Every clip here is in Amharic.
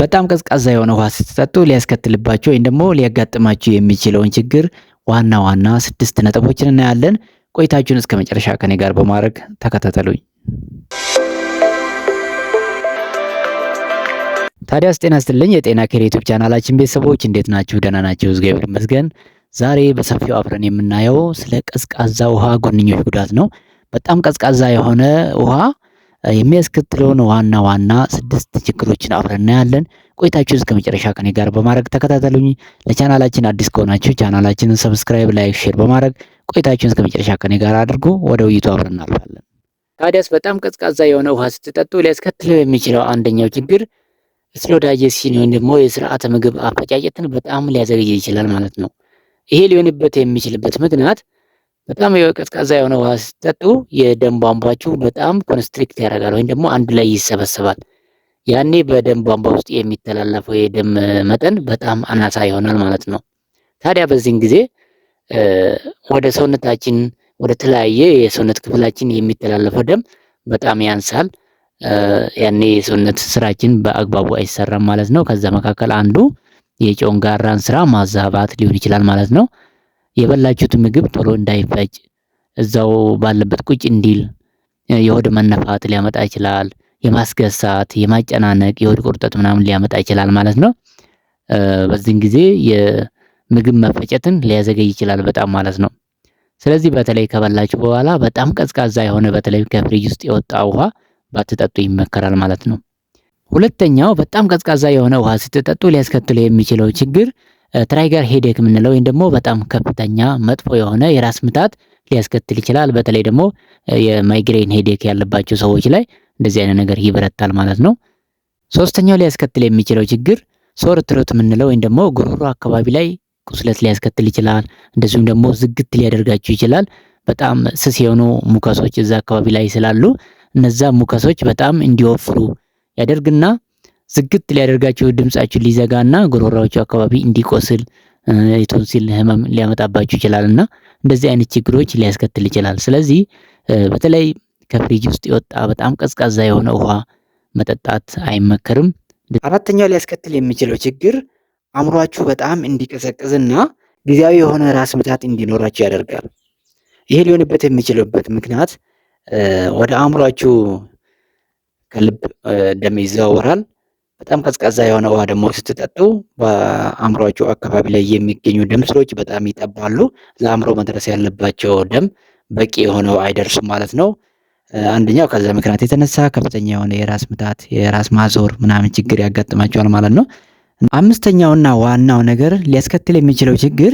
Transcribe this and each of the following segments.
በጣም ቀዝቃዛ የሆነ ውሃ ስትጠጡ ሊያስከትልባቸው ወይም ደግሞ ሊያጋጥማቸው የሚችለውን ችግር ዋና ዋና ስድስት ነጥቦችን እናያለን። ቆይታችሁን እስከ መጨረሻ ከኔ ጋር በማድረግ ተከታተሉኝ። ታዲያስ ጤና ስትልኝ የጤና ኬር ዩቲዩብ ቻናላችን ቤተሰቦች እንዴት ናችሁ? ደህና ናቸው? እግዚአብሔር ይመስገን። ዛሬ በሰፊው አብረን የምናየው ስለ ቀዝቃዛ ውሃ ጎንኞች ጉዳት ነው። በጣም ቀዝቃዛ የሆነ ውሃ የሚያስከትለውን ዋና ዋና ስድስት ችግሮችን አብረን እናያለን። ቆይታችሁን እስከ መጨረሻ ከኔ ጋር በማድረግ ተከታተሉኝ። ለቻናላችን አዲስ ከሆናችሁ ቻናላችንን ሰብስክራይብ፣ ላይክ፣ ሼር በማድረግ ቆይታችሁን እስከ መጨረሻ ከኔ ጋር አድርጎ ወደ ውይይቱ አብረን እናልፋለን። ታዲያስ በጣም ቀዝቃዛ የሆነ ውሃ ስትጠጡ ሊያስከትለው የሚችለው አንደኛው ችግር ስሎዳይጀሽን ሲሆን ደግሞ የስርዓተ ምግብ አፈጫጨትን በጣም ሊያዘገይ ይችላል ማለት ነው። ይሄ ሊሆንበት የሚችልበት ምክንያት በጣም ቀዝቃዛ የሆነ ውሃ ስትጠጡ የደም ቧንቧችሁ በጣም ኮንስትሪክት ያደርጋል ወይም ደግሞ አንድ ላይ ይሰበሰባል። ያኔ በደም ቧንቧ ውስጥ የሚተላለፈው የደም መጠን በጣም አናሳ ይሆናል ማለት ነው። ታዲያ በዚህን ጊዜ ወደ ሰውነታችን ወደ ተለያየ የሰውነት ክፍላችን የሚተላለፈው ደም በጣም ያንሳል። ያኔ የሰውነት ስራችን በአግባቡ አይሰራም ማለት ነው። ከዛ መካከል አንዱ የጮንጋራን ስራ ማዛባት ሊሆን ይችላል ማለት ነው። የበላችሁት ምግብ ቶሎ እንዳይፈጭ እዛው ባለበት ቁጭ እንዲል የሆድ መነፋት ሊያመጣ ይችላል። የማስገሳት፣ የማጨናነቅ፣ የሆድ ቁርጠት ምናምን ሊያመጣ ይችላል ማለት ነው። በዚህን ጊዜ የምግብ መፈጨትን ሊያዘገይ ይችላል በጣም ማለት ነው። ስለዚህ በተለይ ከበላችሁ በኋላ በጣም ቀዝቃዛ የሆነ በተለይ ከፍሪጅ ውስጥ የወጣ ውሃ ባትጠጡ ይመከራል ማለት ነው። ሁለተኛው በጣም ቀዝቃዛ የሆነ ውሃ ስትጠጡ ሊያስከትለው የሚችለው ችግር ትራይገር ሄዴክ የምንለው ወይም ደግሞ በጣም ከፍተኛ መጥፎ የሆነ የራስ ምታት ሊያስከትል ይችላል። በተለይ ደግሞ የማይግሬን ሄዴክ ያለባቸው ሰዎች ላይ እንደዚህ አይነት ነገር ይበረታል ማለት ነው። ሶስተኛው ሊያስከትል የሚችለው ችግር ሶር ትሮት የምንለው ወይም ደግሞ ጉሮሮ አካባቢ ላይ ቁስለት ሊያስከትል ይችላል። እንደዚሁም ደግሞ ዝግት ሊያደርጋችሁ ይችላል። በጣም ስስ የሆኑ ሙከሶች እዛ አካባቢ ላይ ስላሉ እነዛ ሙከሶች በጣም እንዲወፍሩ ያደርግና ዝግት ሊያደርጋቸው ድምጻችን ሊዘጋና ጉሮሮዎቹ አካባቢ እንዲቆስል የቶንሲል ህመም ሊያመጣባችሁ ይችላል እና እንደዚህ አይነት ችግሮች ሊያስከትል ይችላል። ስለዚህ በተለይ ከፍሪጅ ውስጥ የወጣ በጣም ቀዝቃዛ የሆነ ውሃ መጠጣት አይመከርም። አራተኛው ሊያስከትል የሚችለው ችግር አእምሯችሁ በጣም እንዲቀዘቅዝና ጊዜያዊ የሆነ ራስ ምታት እንዲኖራችሁ ያደርጋል። ይሄ ሊሆንበት የሚችልበት ምክንያት ወደ አእምሯችሁ ከልብ ደም ይዘዋወራል። በጣም ቀዝቃዛ የሆነ ውሃ ደግሞ ስትጠጡ በአእምሯቸው አካባቢ ላይ የሚገኙ ደም ስሮች በጣም ይጠባሉ። ለአእምሮ መድረስ ያለባቸው ደም በቂ የሆነው አይደርሱም ማለት ነው። አንደኛው ከዛ ምክንያት የተነሳ ከፍተኛ የሆነ የራስ ምታት፣ የራስ ማዞር ምናምን ችግር ያጋጥማቸዋል ማለት ነው። አምስተኛውና ዋናው ነገር ሊያስከትል የሚችለው ችግር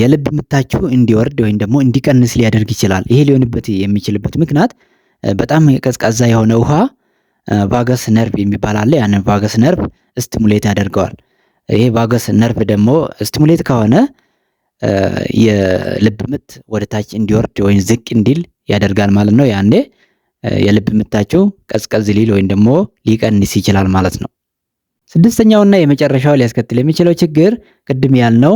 የልብ ምታችሁ እንዲወርድ ወይም ደግሞ እንዲቀንስ ሊያደርግ ይችላል። ይሄ ሊሆንበት የሚችልበት ምክንያት በጣም ቀዝቃዛ የሆነ ውሃ ቫገስ ነርቭ የሚባል አለ። ያንን ቫገስ ነርቭ ስቲሙሌት ያደርገዋል። ይሄ ቫገስ ነርቭ ደግሞ ስቲሙሌት ከሆነ የልብ ምት ወደ ታች እንዲወርድ ወይም ዝቅ እንዲል ያደርጋል ማለት ነው። ያኔ የልብ ምታችሁ ቀዝቀዝ ሊል ወይም ደግሞ ሊቀንስ ይችላል ማለት ነው። ስድስተኛውና የመጨረሻው ሊያስከትል የሚችለው ችግር ቅድም ያልነው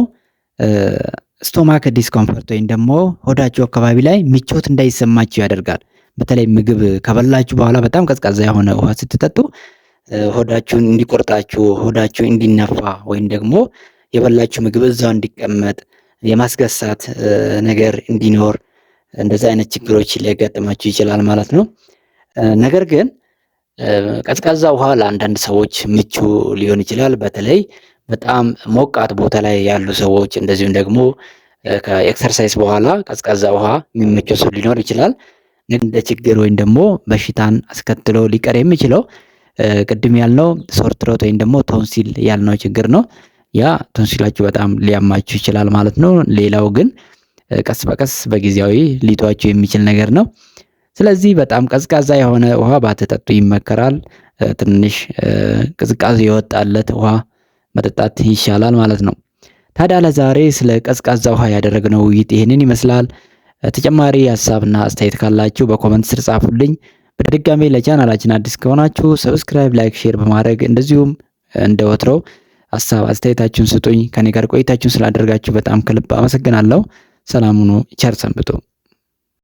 ስቶማክ ዲስኮምፈርት ወይም ደግሞ ሆዳችሁ አካባቢ ላይ ምቾት እንዳይሰማችሁ ያደርጋል። በተለይ ምግብ ከበላችሁ በኋላ በጣም ቀዝቃዛ የሆነ ውሃ ስትጠጡ ሆዳችሁን እንዲቆርጣችሁ ሆዳችሁ እንዲነፋ ወይም ደግሞ የበላችሁ ምግብ እዛው እንዲቀመጥ የማስገሳት ነገር እንዲኖር እንደዛ አይነት ችግሮች ሊያጋጥማችሁ ይችላል ማለት ነው። ነገር ግን ቀዝቃዛ ውሃ ለአንዳንድ ሰዎች ምቹ ሊሆን ይችላል። በተለይ በጣም ሞቃት ቦታ ላይ ያሉ ሰዎች እንደዚሁም ደግሞ ከኤክሰርሳይዝ በኋላ ቀዝቃዛ ውሃ የሚመቸው ሰው ሊኖር ይችላል። እንደ ችግር ወይም ደግሞ በሽታን አስከትሎ ሊቀር የሚችለው ቅድም ያልነው ሶርትሮት ወይም ደግሞ ቶንሲል ያልነው ችግር ነው። ያ ቶንሲላችሁ በጣም ሊያማችሁ ይችላል ማለት ነው። ሌላው ግን ቀስ በቀስ በጊዜያዊ ሊቷችሁ የሚችል ነገር ነው። ስለዚህ በጣም ቀዝቃዛ የሆነ ውሃ ባትጠጡ ይመከራል። ትንሽ ቅዝቃዜ የወጣለት ውሃ መጠጣት ይሻላል ማለት ነው። ታዲያ ለዛሬ ስለ ቀዝቃዛ ውሃ ያደረግነው ውይይት ይህንን ይመስላል። ተጨማሪ ሀሳብና አስተያየት ካላችሁ በኮመንት ስር ጻፉልኝ። በድጋሜ ለቻናላችን አዲስ ከሆናችሁ ሰብስክራይብ፣ ላይክ፣ ሼር በማድረግ እንደዚሁም እንደ ወትሮው ሀሳብ አስተያየታችሁን ስጡኝ። ከኔ ጋር ቆይታችሁን ስላደረጋችሁ በጣም ከልብ አመሰግናለሁ። ሰላም ሁኑ። ቸር ሰንብቱ።